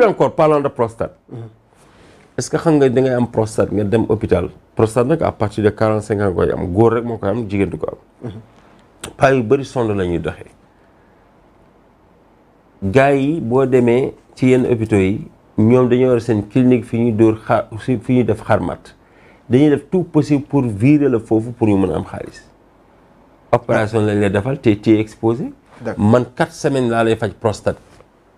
pire encore de prostate. est ce que xam nga da ngay am prostate nga dem hôpital prostate nag à partir de quarante cinq ans koy am góor rek moo koy am jigéen du ko am. paa yu bëri sonde la ñuy doxee. gars yi boo demee ci yenn hôpitaux yi ñoom dañoo war seen clinique fi ñuy dóor xaar fi ñuy def xarmat dañuy def tout possible pour virer la foofu pour ñu mën a am xaalis. opération lañ la defal te téye exposé. man quatre semaine laa lay faj prostate.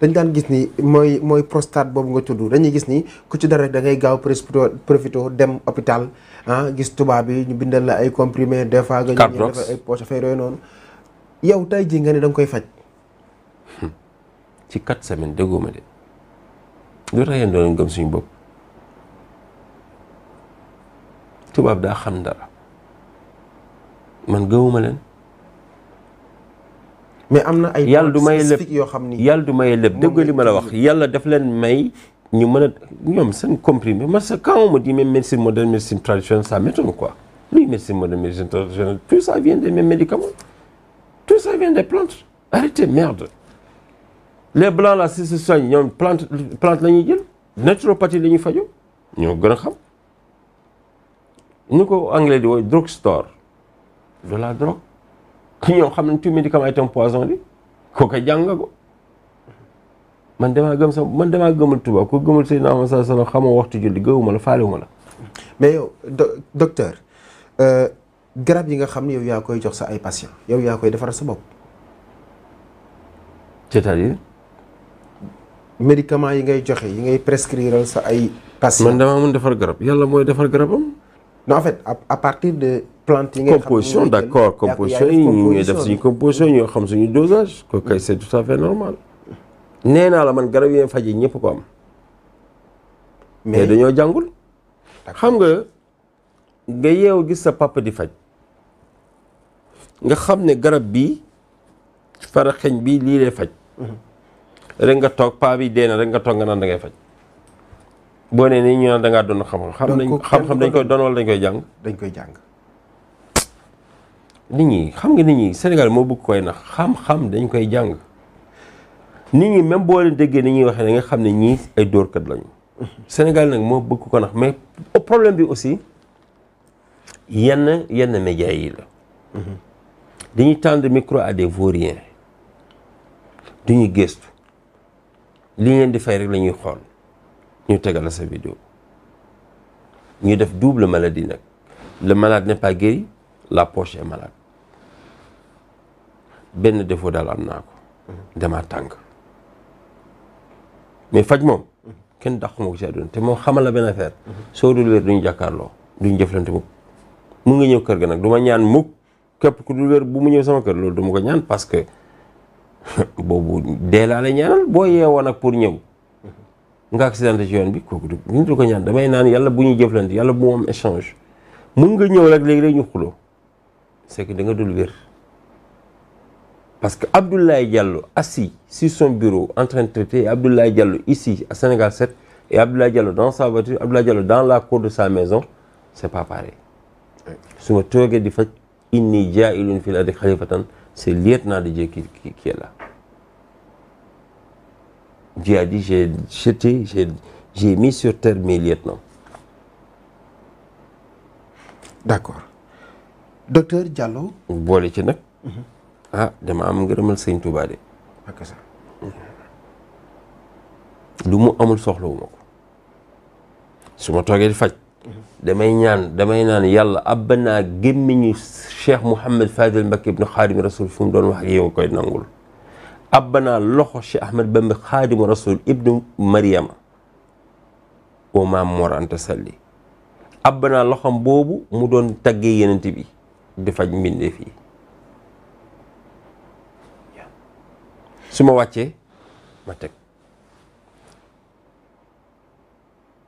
dañ daan gis ni mooy mooy prostate boobu nga tudd dañuy gis ni ku ci dara rek da ngay gaaw profito dem hôpital ah gis tubaab yi ñu bindal la ay comprimé des fois nga ñu def ay poche affaire yooyu noonu yow tay ji nga ne da koy faj hmm. ci cat semaines déggoo ma de lu tax yéen doon gëm suñu bopp tubaab daa xam dara man gëmuma leen mais amna ay yalla du may lépp yoo xam ni du may lépp dégg li la wax yalla daf len may ñu meuna ñom sen comprimé parce que quand on me dit même médecine moderne médecine traditionnelle ça m'étonne quoi médecins médecine moderne médecine traditionnelle tout ça vient des mêmes médicaments tout ça vient des plantes arrêtez merde les blancs là si se soignent une plante plante la jël naturopathie la fajo fajoo un xam ñu anglais di drugstore de la drogue ki ñoo xam ne tout médicament est un poison di kooka jàng nga ko man damaa gëm sa man damaa gëmul tubaab ko gëmul Seydina Muhammad sallallahu alayhi wasallam xamoo waxtu julli gëwuma la faalewuma la. mais yow docteur euh, garab yi nga xam ne yow yaa koy jox sa ay patient yow yaa koy defaral sa bopp. c'est-à-dire. médicament yi ngay joxe yi ngay prescrire sa ay. patient man damaa defar defar non en fait à partir de. plante yi nga xam composition d' accord composition yi ñu ngi def suñu composition ñoo xam suñu dosage. ko kay c' est tout à fait normal. nee naa la man garab yi faj yi ñëpp ko am. mais dañoo jàngul. xam nga nga yeew gis sa papa di faj. nga xam ne garab bi bii xeñ bi lii lay faj. Mhm. rek nga toog paa bi dee na rek nga toog nga naan da ngay faj. boo nee nii ñu naan da ngaa doon xam-xam. xam nañ xam-xam dañ koy doon wala dañ koy jàng. dañ koy jàng. nit ñi xam nga nit ñi Sénégal moo bëgg koy nax xam-xam dañ koy jàng nit ñi même boole leen déggee ni ñuy waxee da nga xam ne ñii ay dóorkat lañu. Sénégal nag moo bëgg ko nax mais problème bi aussi yenn yenn médias yi la. dañuy tendre micro à vourien vauriens duñu gëstu li ngeen di fay rek lañuy xool ñu tegal sa vidéo ñu def double maladie nag le malade n'est pas guéri la poche est benn défaut daal am naa ko damaa tàng mais faj moom kenn dàqu ma ko ci àdduna te moom xamal la benn affaire soo dul wér duñu jàkkaarloo duñu jëflante mukk mun nga ñëw kër ga nag duma ñaan mukk képp ku dul wér bu mu ñëw sama loolu du ma ko ñaan parce que boobu dee laa la ñaanal boo yeewoon ak pour ñëw nga accidenté ci yoon bi kooku du ñu du ko ñaan damay naan yàlla bu ñuy jëflante yàlla bu mu am échange mun nga ñëw rek léegi-léegi ñu xuloo c'est que da nga dul wér Parce que Abdoulaye Diallo, assis sur son bureau, en train de traiter, Abdoulaye Diallo ici, à Sénégal 7, et Abdoulaye Diallo dans sa voiture, Abdoulaye Diallo dans la cour de sa maison, c'est pas pareil. Si je suis fait, c'est le lieutenant de Dieu qui, est là. Dieu a dit, j'ai jeté, j'ai mis sur terre mes lieutenants. D'accord. Docteur Diallo. Vous voyez, ah dama am ngeureumal seigne Touba de ak sa lu mu amul soxlo ko suma toge di faj damay ñaan damay naan yàlla abana gémmiñu Cheikh mohammed fadil mbak ibn khadim Rasul fum mu doon wax ak yow koy nangul abana loxo Cheikh Ahmed Bamba khadim Rasul ibn maryam o ma Mor Anta abana loxam bobu mu doon tagge yenent bi di faj minde fi su ma wàccee ma teg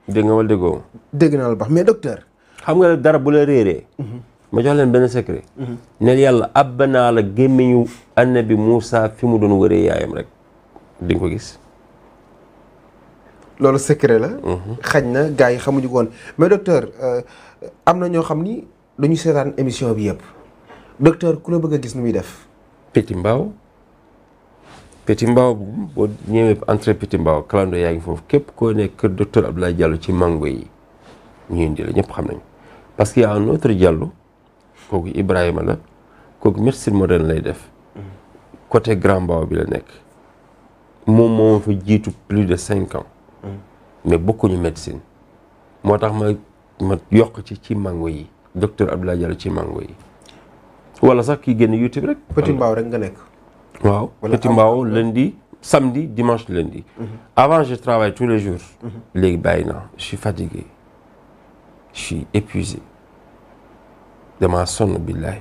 dégg nga wala déggoo dégg naa lu baax mais docteur. xam nga dara bu la réeree. Mhm. ma jox leen benn secret. Mhm. ne yàlla àbb naa la gémmiñu annabi Moussa fi mu doon wëree yaayam rek di ko gis. loolu secret la. Mhm. xaj na gars yi xamuñu koon woon mais docteur euh, am na ñoo xam ni dañu seetaan émission bi yëpp docteur ku la bëgg a gis nu muy def. petit mbaaw. Petit Mbao boo ñëwee entrée Petit Mbao clando yaa ngi foofu képp koo ne kër docteur Abdoulaye Diallo ci mango yi ñu indi la ñëpp xam nañ parce que y a un autre Diallo kooku Ibrahima la kooku médecine moderne lay def côté Grand Mbao bi la nekk moom moo fa jiitu plus de cinq ans mais bokkuñu médecine moo tax ma ma yokk ci ci mango yi docteur Abdoulaye Diallo ci mango yi wala sax kii génn YouTube rek Petit Mbao rek nga nekk Wow. Petit Mao, lundi, samedi, dimanche, lundi. Mhm. Avant, je travaille tous les jours. Mm -hmm. Je suis fatigué. Je suis épuisé. De ma son, Billay.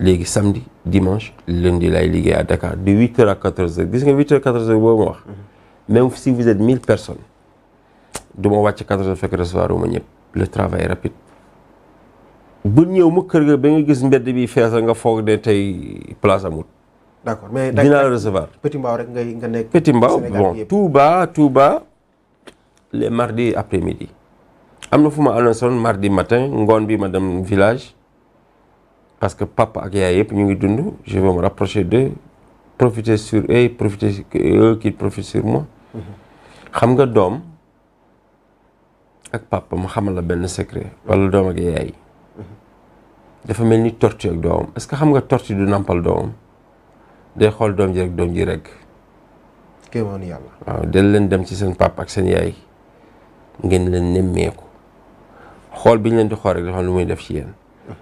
Les samedi, dimanche, lundi, là, il à Dakar. De 8h à 14h. 8h à 14h, mhm. Même si vous êtes 1000 personnes. De mon watch à 14h, fait que recevoir au Le travail est rapide. Si vous avez des gens qui ont fait des choses, vous avez fait des choses. D'accord, mais dina la recevoir. Petit Mbao rek ngay bon les mardis après midi. Je suis allé mardi matin suis bi madame village parce que papa ak yaay puis nous je vais me rapprocher d'eux profiter sur eux profiter sur eux qui profitent sur moi. Mhm. xam nga que papa mu xamal la secret wala dom ak yaay. Mhm. dafa melni torture tortue ak est-ce que xam nga du day xool doom ji rek doom ji rek. kéemaanu yàlla. waaw leen dem ci seen pap ak seen yaay ngeen leen nemmeeku xool bi ñu leen di xool rek dafa lu muy def ci yéen.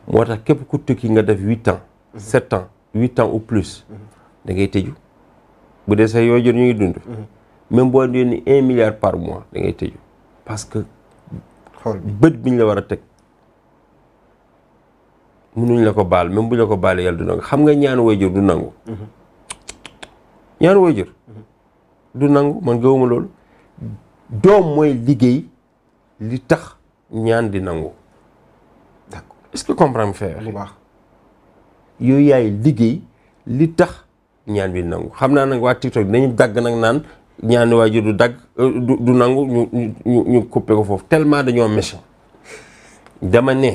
moo tax képp ku tukki nga def huit ans. sept ans huit ans ou plus. da ngay tëju bu dee sax yoo jot ñu ngi dund. même boo doon ni un milliard par mois da ngay tëju parce que. xool bët bi ñu la war a teg. mënuñ la ko baal même bu ñu la ko baalee yàlla du nangu xam nga ñaan waajur du nangu. ñaanu way jur du nangu man gëwuma loolu dom mooy liggéey li tax ñaan di nangu d'accord est-ce que comprendre faire bu baax yooyu yaay liggéey li tax ñaan bi nangu xam naa nag waa TikTok dañu dagg nag naan ñaani waajur du dagg euh, du nangu ñu ñu ñu ko foofu tellement dañoo méchant dama li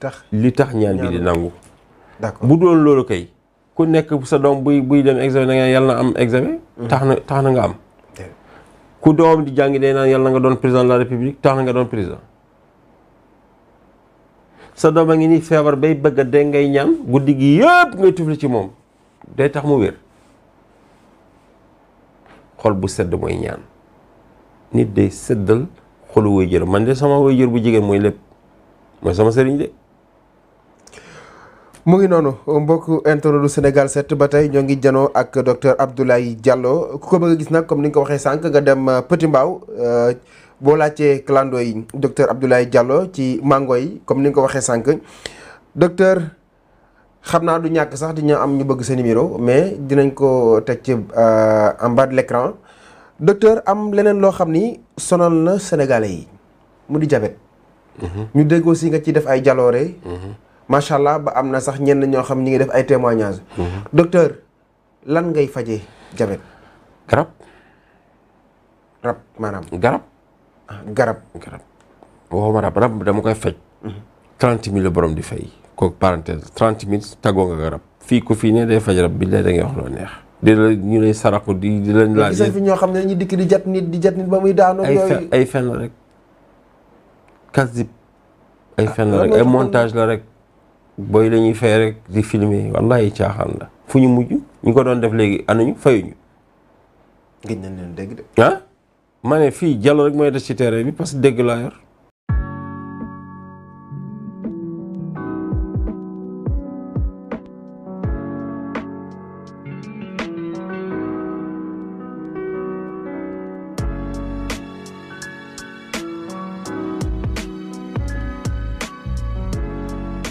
tax ñaan bi di nangu bu doon kay ku nekk sa doom buy buy dem examen da nga yàlla na am examen. Mm-hmm. tax na tax na nga am. ku doom di jàngi day naan yàlla nga doon président de la république tax na nga doon président. sa doom a ngi ni feebar bay bëgga a ngay ñaan guddi gi yëpp ngay tufli ci moom day tax mu wér. xol bu sedd mooy ñaan nit day seddal xolu waajur man de sama waajur bu jigéen mooy lépp mooy sama sëriñ de. mu ngi noonu mbokk internet du Sénégal 7 ba tey ñoo ngi janoo ak docteur Abdoulaye Diallo ku ko bëgg a gis nag comme ni nga ko waxee sànq nga dem euh, Petit Mbao euh, boo laajtee clando yi docteur Abdoulaye Diallo ci mango yi comme ni nga ko waxee sànq docteur xam naa du ñàkk sax dina am ñu bëgg sa numéro mais dinañ ko teg ci euh, en bas de docteur am leneen loo xam ni sonal na sénégalais yi mu di jabet mm-hmm. ñu dégg aussi nga ci def ay jaloore mm-hmm. macha allah ba am na sax ñenn ñoo xam ñi ngi def ay Garap mhm. docteur lan ngay garap. Garap. garab. rab Garap ah, garab. garab. garab woo ma rab rab dama koy faj. Mhm. trente borom di fay. kooku parenthèse trente mille tagoo nga garab. fii ku fi ne day faj rab bi lay da ngay wax loo neex. di la ñu lay saraxu di di leen laaj. gis fi ñoo xam ne dañuy dikk di jat nit di jat nit ba muy daanu. ay fen ay fen la rek. kasib ay ah, fen la rek ay montage la rek. boy la ñuy fay rek di filmer wallahi caaxaan la fu ñu mujj ñu ko doon def léegi anuñu fayuñu. gëj nañ leen dégg de. ah ma fii Diallo rek mooy des ci terrain bi parce que dégg laa yor.